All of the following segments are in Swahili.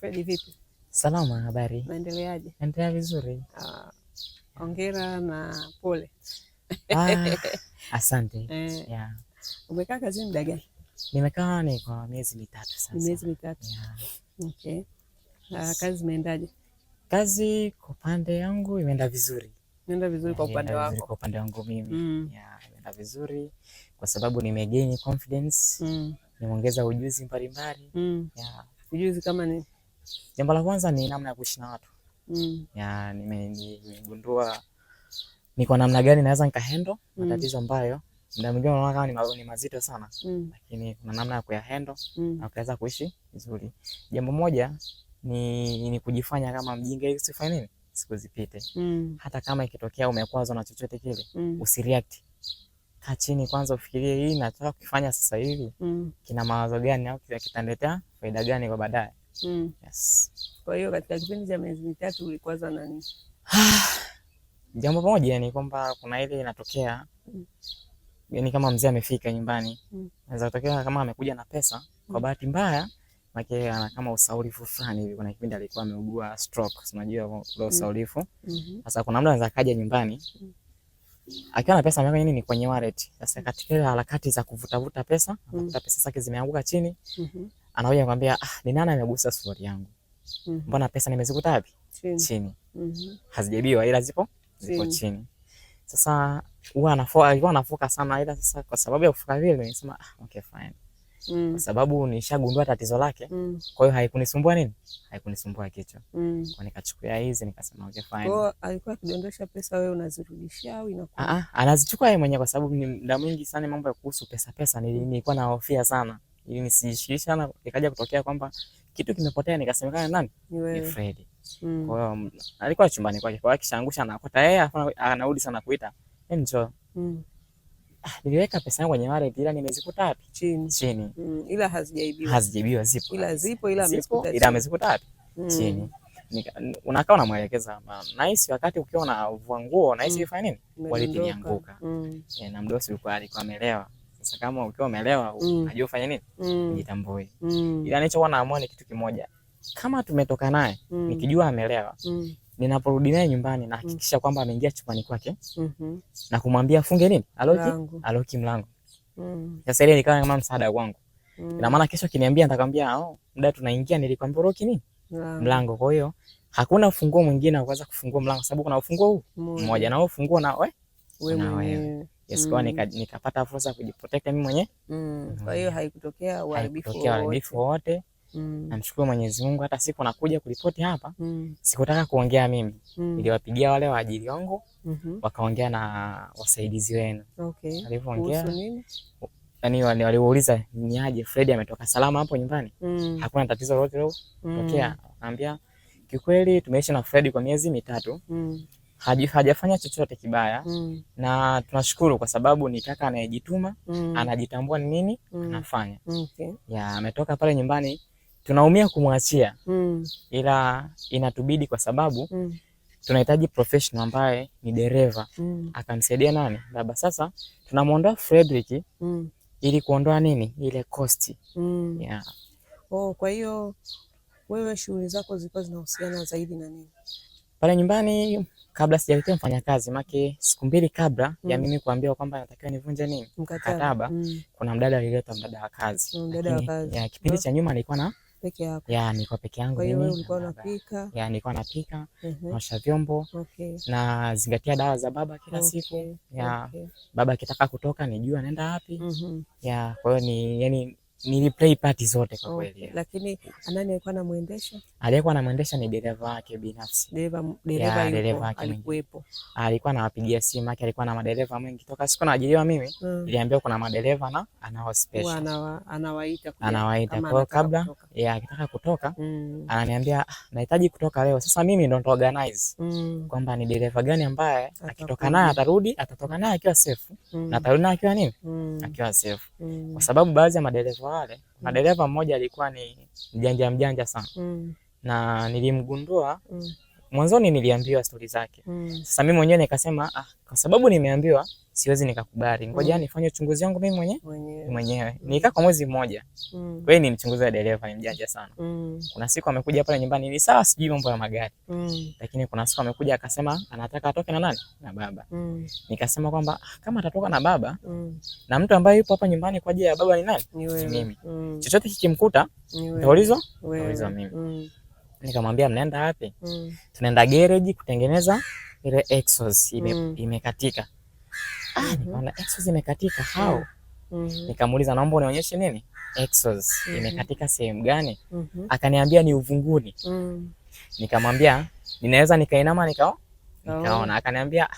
Fredi, vipi? Salama, habari? Naendeleaje? Naendelea vizuri. Ah, hongera na pole. Ah, asante. Eh, yeah. Umekaa kazini muda gani? Nimekaa ni kwa miezi mitatu sasa. Ni Miezi mitatu. Yeah. Okay. Ah, kazi zimeendaje? Kazi kwa upande yangu imeenda vizuri. Imeenda vizuri kwa upande wako? Kwa upande wangu mimi. Mm. Yeah, imeenda vizuri kwa sababu nimegain confidence. Mm. Nimeongeza ujuzi mbalimbali. Mm. Yeah. Ujuzi kama nini? Jambo la kwanza ni namna ya kuishi na watu mm. ya nimegundua ni kwa namna gani naweza nikahandle mm. matatizo ambayo muda mwingine unaona kama ni ma, ni mazito sana mm. lakini kuna namna ya kuyahandle mm. na ukaweza kuishi vizuri. Jambo moja ni, ni kujifanya kama mjinga ili usifanye nini, siku zipite mm. hata kama ikitokea umekwazwa na chochote kile mm. usireact Kaa chini kwanza, ufikirie hii nataka kukifanya sasa hivi mm. kina mawazo gani au kitaniletea faida gani kwa baadaye. Mm. Yes. Kwa hiyo katika kipindi cha miezi mitatu ulikwaza na nini? Jambo moja ni kwamba kuna ile inatokea mm. Yani kama mzee amefika nyumbani mm. Anaweza kutokea kama amekuja na pesa kwa mm. bahati mbaya make ana kama usaulifu fulani hivi. Kuna kipindi alikuwa ameugua stroke, unajua ile mm. usaulifu. Mm-hmm. Sasa kuna muda anaweza kaja nyumbani mm. akiwa na pesa nini ni kwenye wallet. Sasa katika harakati za kuvutavuta pesa, anakuta pesa zake zimeanguka chini. Mm -hmm anakuja kwambia ah, ni nani amegusa sufuria yangu? mm -hmm. Mbona pesa nimezikuta wapi? Chini, chini. Mm -hmm. Hazijabiwa ila zipo chini. zipo chini, Sasa huwa anafoka, alikuwa anafoka sana, ila sasa kwa sababu ya kufoka vile nimesema ah, okay fine Mm. Kwa sababu nishagundua tatizo lake mm. Kwa hiyo haikunisumbua nini, haikunisumbua kichwa mm. Kwa nikachukua hizi nikasema okay fine. Kwa alikuwa akidondosha pesa, wewe unazirudishia au inakuwa? Ah, ah, anazichukua yeye mwenyewe, kwa sababu ni muda mwingi sana mambo ya kuhusu pesa pesa, nilikuwa na hofia sana Mm ili nisishikisha na ikaja kutokea kwamba kitu kimepotea nikasemekana nani? Ni Fred. Mm. Kwa hiyo mm, alikuwa chumbani kwake, kwa hiyo kishaangusha na kuta yeye anarudi sana kuita. enjo. Mm. Ah, niliweka pesa yangu kwenye wale ila nimezikuta wapi? Chini. Chini. Mm. Ila hazijaibiwa. Hazijaibiwa zipo. Ila zipo ila amezikuta. Ila amezikuta wapi? Mm. Chini. Unakaa unamwelekeza nahisi, wakati ukiwa unavua nguo nahisi ifanye mm. nini, wallet ilianguka eh, na mdosi alikuwa amelewa sasa kama ukiwa umeelewa mm. unajua ufanye nini, mm. jitambue. Ila mm. nilichokuwa naamua ni kitu kimoja, kama tumetoka naye nikijua ameelewa ninaporudi naye nyumbani nahakikisha kwamba ameingia chumbani kwake mm-hmm. na kumwambia afunge nini, aloki aloki mlango. Sasa ile nikawa kama msaada wangu, ina maana kesho kiniambia, nitakwambia oh, muda tunaingia nilikwambia aloki nini mlango. Kwa hiyo hakuna ufunguo mwingine wa kuweza kufungua mlango, sababu kuna ufunguo huu mmoja na ufunguo na wewe wewe yes, mm. nikapata nika fursa kujiprotect mi mwenye mm. mm. Kwa hiyo haikutokea uharibifu wowote. Mm. Namshukuru Mwenyezi Mungu, hata siku nakuja kuripoti hapa mm. sikutaka kuongea mimi mm. niliwapigia wale waajili wangu mm -hmm. wakaongea na wasaidizi wenu okay. Alivyoongea yani, waliuliza ni aje Fredi ametoka salama hapo nyumbani mm. hakuna tatizo lolote lotokea mm. tokea naambia kiukweli, tumeishi na Fredi kwa miezi mitatu mm hajafanya chochote kibaya mm. na tunashukuru kwa sababu ni kaka anayejituma mm. anajitambua ni nini mm. anafanya okay. ya ametoka pale nyumbani, tunaumia kumwachia mm. ila inatubidi kwa sababu mm. tunahitaji professional ambaye ni dereva mm. akamsaidia nani baba. Sasa tunamwondoa Fredrick mm. ili kuondoa nini ile cost mm. yeah. Oh, kwa hiyo wewe shughuli zako zilikuwa zinahusiana zaidi na nini? pale nyumbani kabla sijalekea mfanyakazi make siku mbili kabla mm. ya mimi kuambiwa kwamba natakiwa nivunje nini mkataba mm. kuna mdada alileta mdada wa kazi mdada wa kazi ya kipindi cha nyuma nilikuwa na peke yako ya nilikuwa peke yangu mimi nilikuwa napika ya nilikuwa napika mhm. naosha vyombo okay. na zingatia dawa za baba kila okay. siku ya okay. baba akitaka kutoka nijua anaenda wapi mm -hmm. ya kwa hiyo ni yani niliplay party zote kwa kweli. Okay. Lakini anani alikuwa anamuendesha? Aliyekuwa anamuendesha ni dereva wake binafsi. Dereva dereva yeah, dereva wake alikuwepo. Alikuwa anawapigia simu yake, alikuwa na madereva mengi toka siku naajiriwa mimi. Mm. Niliambiwa kuna madereva na anao special. Wana anawaita kwa anawaita kwa kabla ya yeah, akitaka kutoka, mm. Ananiambia ah, nahitaji kutoka leo. Sasa mimi ndo nito organize mm. kwamba ni dereva gani ambaye akitoka naye atarudi atatoka naye akiwa safe mm. na atarudi naye akiwa nini? Mm. Akiwa safe. Mm. Kwa sababu baadhi ya madereva wale na mm. dereva mmoja alikuwa ni mjanja mjanja sana mm. na nilimgundua mm mwanzoni niliambiwa stori zake. mm. Sasa mimi mwenyewe nikasema ah, kwa sababu nimeambiwa siwezi nikakubali. Hmm. Ngoja nifanye uchunguzi wangu mimi mwenye? mwenyewe mwenyewe. mm. Nikaa kwa mwezi mmoja. mm. Kwa hiyo nilimchunguza mchunguzi dereva ni mjanja sana. mm. Kuna siku amekuja pale nyumbani ni sawa, sijui mambo ya magari. mm. Lakini kuna siku amekuja akasema anataka atoke na nani? Na baba. mm. Nikasema kwamba ah, kama atatoka na baba mm. na mtu ambaye yupo hapa nyumbani kwa ajili ya baba ni nani? Ni mimi. mm. Chochote kikimkuta, nitaulizwa? Nitaulizwa mimi. mm nikamwambia mnaenda wapi? mm. tunaenda gereji kutengeneza ile exhaust ime, mm. imekatika. ah, mm -hmm. nikaona exhaust imekatika hao. mm -hmm. Nikamuuliza, naomba unionyeshe nini exhaust mm -hmm. imekatika sehemu gani? mm -hmm. Akaniambia ni uvunguni. mm. Nikamwambia ninaweza nikainama nikao nikaona. oh. Akaniambia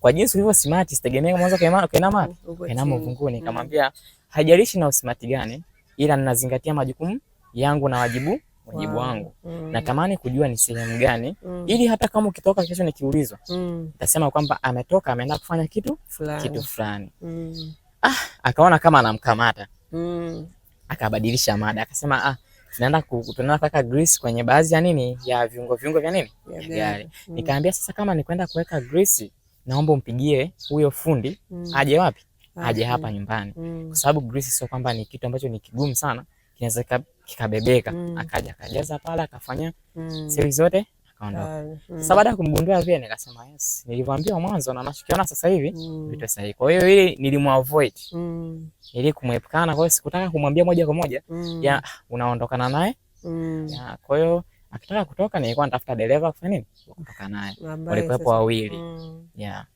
kwa jinsi ulivyo smart sitegemea mwanzo mm, kainama kainama kainama uvunguni. Mm. Nikamwambia hajalishi na usmart gani, ila ninazingatia majukumu yangu na wajibu wajibu wangu wow. mm. natamani kujua ni sehemu gani mm. ili hata kama ukitoka kesho nikiulizwa mm. nitasema mm. kwamba ametoka ameenda kufanya kitu fulani. kitu fulani mm. ah, akaona kama anamkamata mm. akabadilisha mada akasema ah, tunaenda tunaenda kuweka grease kwenye baadhi ya nini ya viungo viungo vya nini ya yeah, gari yeah. mm. nikaambia sasa, kama ni kwenda kuweka grease, naomba umpigie huyo fundi mm. aje wapi aje hapa nyumbani, mm. kwa sababu grease sio kwamba ni kitu ambacho ni kigumu sana kinaweza kikabebeka mm. Akaja akajaza pale akafanya mm. siri zote akaondoka. mm. Sasa baada ya kumgundua pia nikasema yes, nilivyoambiwa mwanzo na nachokiona sasa hivi mm. vitu sahihi. Kwa hiyo ili nilimwavoid mm. ili kumwepukana, kwa hiyo sikutaka kumwambia moja kwa moja mm. ya unaondokana naye mm. ya kwa hiyo akitaka kutoka nilikuwa natafuta dereva kufanya nini kutoka naye. Walikuwepo wawili mm. ya yeah,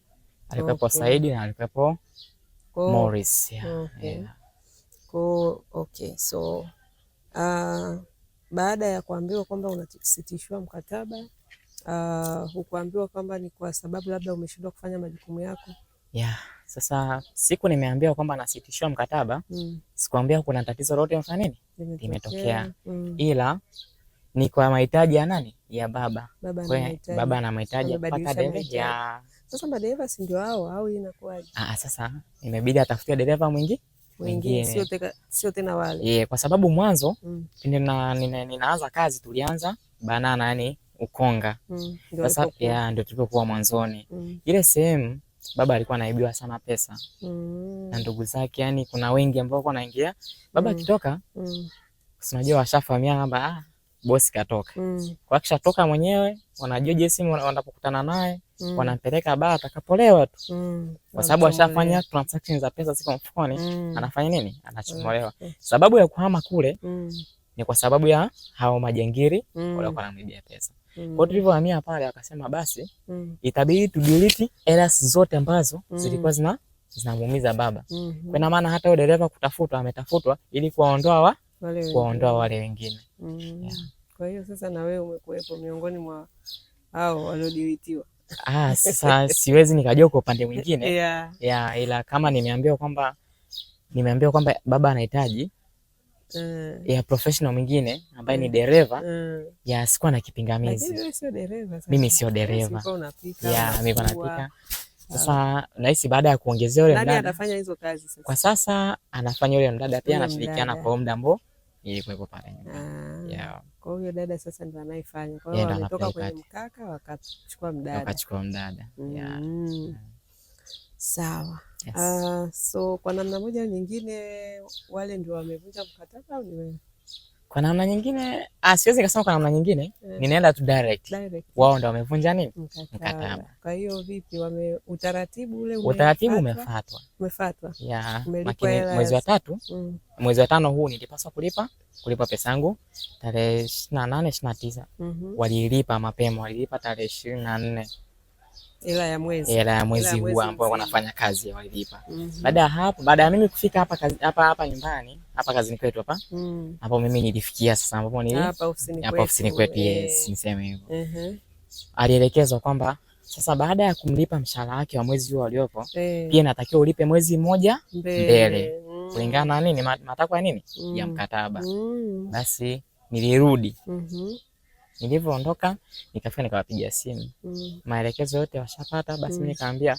alikuwepo okay. Saidi na alikuwepo Morris yeah. Okay. Yeah. Cool. Okay. So Ah, baada ya kuambiwa kwamba unasitishiwa mkataba uh, hukuambiwa kwamba ni kwa sababu labda umeshindwa kufanya majukumu yako yeah. Sasa siku nimeambiwa kwamba nasitishiwa mkataba mm. sikuambia kuna tatizo lolote mfanini nini limetokea mm. Ila ni kwa mahitaji ya nani ya baba baba ana mahitaji mpaka dereva sasa, madereva si ndio hao au inakuwaje? Ah, sasa imebidi atafutie dereva mwingine wengine, sio sio tena wale yeah, kwa sababu mwanzo mm. nina, nina, ninaanza kazi tulianza Banana yani Ukonga mm. sasa ya ndio tulipokuwa mwanzoni mm. ile sehemu baba alikuwa anaibiwa sana pesa mm. na ndugu zake, yani kuna wengi ambao walikuwa wanaingia baba mm. akitoka mm. mm. unajua washafahamiana kwamba ah, bosi katoka mm. kwa kisha toka mwenyewe wanajua jinsi wanapokutana naye mm. wanampeleka baa atakapolewa tu mm. kwa sababu ashafanya transaction za pesa ziko mfukoni mm. anafanya nini? Anachomolewa. mm. sababu ya kuhama kule mm. ni kwa sababu ya hao majengiri mm. waliokuwa wanamwibia pesa mm. kwa tulivyohamia pale, akasema basi mm. itabidi tudelete errors zote ambazo mm. zilikuwa zina zinamuumiza baba mm -hmm. kwa maana hata yule dereva kutafutwa, ametafutwa ili kuwaondoa wa, kuwaondoa wale wengine mm. yeah. Kwa hiyo sasa na wewe umekuwepo miongoni mwa hao waliodilitiwa. Ah, sasa siwezi nikajua kwa upande mwingine yeah. Yeah, ila kama nimeambiwa kwamba nimeambiwa kwamba baba anahitaji mm. ya professional mwingine ambaye ni mm. dereva mm. ya sikuwa na kipingamizi. Mimi sio dereva, mimi napika ah. sasa nahisi baada ya kuongezea yule mdada anafanya hizo kazi sasa. Kwa sasa anafanya yule mdada pia anashirikiana kwa muda ambao ilikuwa pale. Kwa hiyo dada sasa ndo anayefanya. Kwa hiyo wametoka kwenye mkaka wakachukua mdada, wakachukua mdada. Mm. Sawa. Yes. Uh, so kwa namna moja nyingine wale ndio wamevunja mkataba au ni wewe? Kwa namna nyingine ah, siwezi nikasema, kwa namna nyingine eh, ninaenda tu direct, wao ndo wamevunja nini mkataba. Kwa hiyo vipi, wame utaratibu ule utaratibu umefuatwa umefuatwa, lakini mwezi wa tatu mm. mwezi wa tano huu nilipaswa kulipa kulipa pesa yangu tarehe ishirini na nane ishirini na tisa mhm. walilipa mapema, walilipa tarehe ishirini na nne hela ya mwezi, hela ya mwezi huu ambao wanafanya kazi ya walipa. Mhm. Baada ya hapo, baada ya mimi kufika hapa kazi hapa hapa nyumbani hapa kazini kwetu hapa mm. hapo mimi nilifikia sasa, ambapo ni hapa ofisini kwetu, hapa kwetu yes, eh. niseme hivyo mm -hmm. alielekezwa kwamba sasa baada ya kumlipa mshahara wake wa mwezi huo aliopo, hey. Eh. pia natakiwa ulipe mwezi mmoja mbele mm. kulingana na nini matakwa ya nini mm. ya mkataba mm. basi nilirudi mm -hmm. Nilivyoondoka nikafika nikawapigia simu mm. maelekezo yote washapata. Basi mimi mm. nikaambia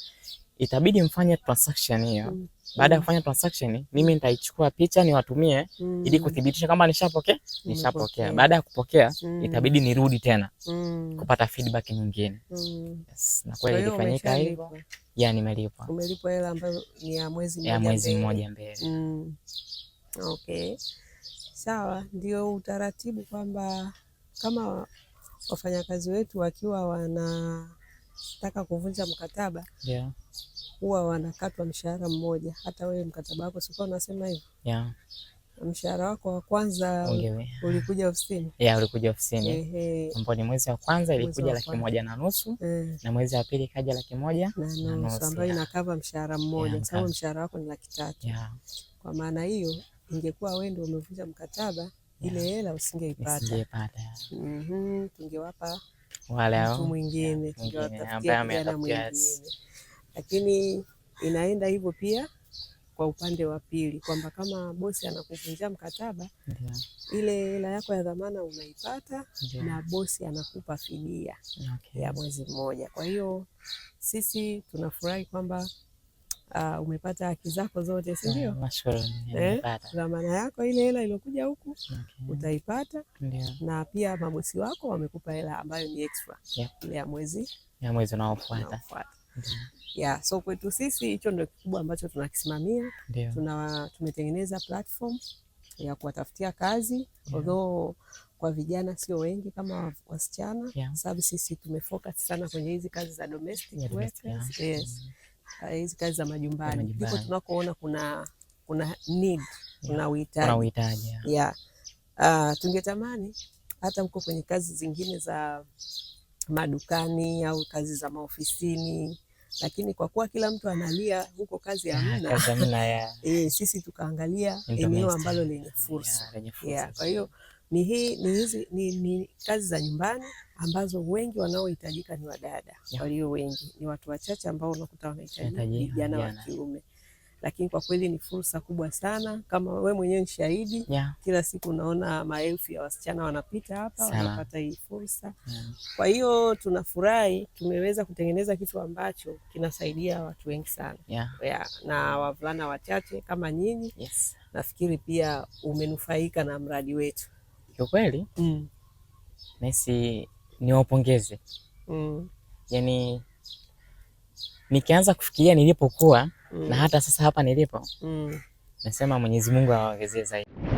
itabidi mfanye transaction hiyo mm. baada ya mm. kufanya transaction mimi nitaichukua picha niwatumie mm. ili kuthibitisha kama nishapokea nishapokea. Baada ya kupokea mm. itabidi nirudi tena mm. kupata feedback nyingine mm. yes, na kweli ilifanyika hivyo ya nimelipwa. Umelipwa hela ambayo ni ya mwezi mmoja, ya mwezi mmoja mbele mm. okay. Sawa, ndio utaratibu kwamba kama wafanyakazi wetu wakiwa wanataka kuvunja mkataba yeah, huwa wanakatwa mshahara mmoja. Hata wewe mkataba wako sikuwa unasema hivyo yeah, mshahara wako wa kwanza ulikuja ofisini yeah, ulikuja ofisini ambao ni mwezi wa kwanza ilikuja laki moja na nusu e, na mwezi wa pili ikaja laki moja na nusu ambayo inakava mshahara mmoja yeah, sababu mshahara wako ni laki tatu yeah. Kwa maana hiyo ingekuwa wewe ndio umevunja mkataba ile hela usingeipata. tungewapa mm-hmm. mtu mwingine, tungewatafutia mwingine, lakini inaenda hivyo pia kwa upande wa pili kwamba kama bosi anakuvunjia mkataba yeah, ile hela yako ya dhamana unaipata yeah, na bosi anakupa fidia okay, ya mwezi mmoja. Kwa hiyo sisi tunafurahi kwamba Uh, umepata haki zako zote si ndio? Eh, dhamana eh, yako ile hela iliyokuja huku okay, utaipata yeah. Na pia mabosi wako wamekupa hela ambayo ni extra yep, ile ya mwezi ya mwezi unaofuata yeah. So kwetu sisi hicho ndio kikubwa ambacho tunakisimamia. Tuna, tumetengeneza platform ya kuwatafutia kazi although kwa vijana sio wengi kama wasichana yeah, sababu sisi tumefocus sana kwenye hizi kazi za domestic workers. Yes. Mm -hmm. Uh, hizi kazi za majumbani ndipo tunakoona kuna kuna need, kuna uhitaji yeah. yeah. Uh, tungetamani hata mko kwenye kazi zingine za madukani au kazi za maofisini, lakini kwa kuwa kila mtu analia huko kazi ah, hamna, yeah, yeah. E, sisi tukaangalia eneo ambalo lenye fursa yeah, yeah. kwa hiyo ni hii ni hizi ni, ni kazi za nyumbani ambazo wengi wanaohitajika ni wadada yeah. Walio wengi ni watu wachache ambao unakuta wanahitaji vijana wa kiume, lakini kwa kweli ni fursa kubwa sana. Kama we mwenyewe ni shahidi yeah. Kila siku unaona maelfu ya wasichana wanapita hapa wanapata hii fursa yeah. Kwa hiyo tunafurahi tumeweza kutengeneza kitu ambacho kinasaidia watu wengi sana yeah. Yeah. Na wavulana wachache kama nyinyi yes. Nafikiri pia umenufaika na mradi wetu. Kiukweli mm. Messi niwapongeze mm. Yani nikianza kufikiria nilipokuwa mm. na hata sasa hapa nilipo mm. nasema Mwenyezi Mungu awaongezee zaidi.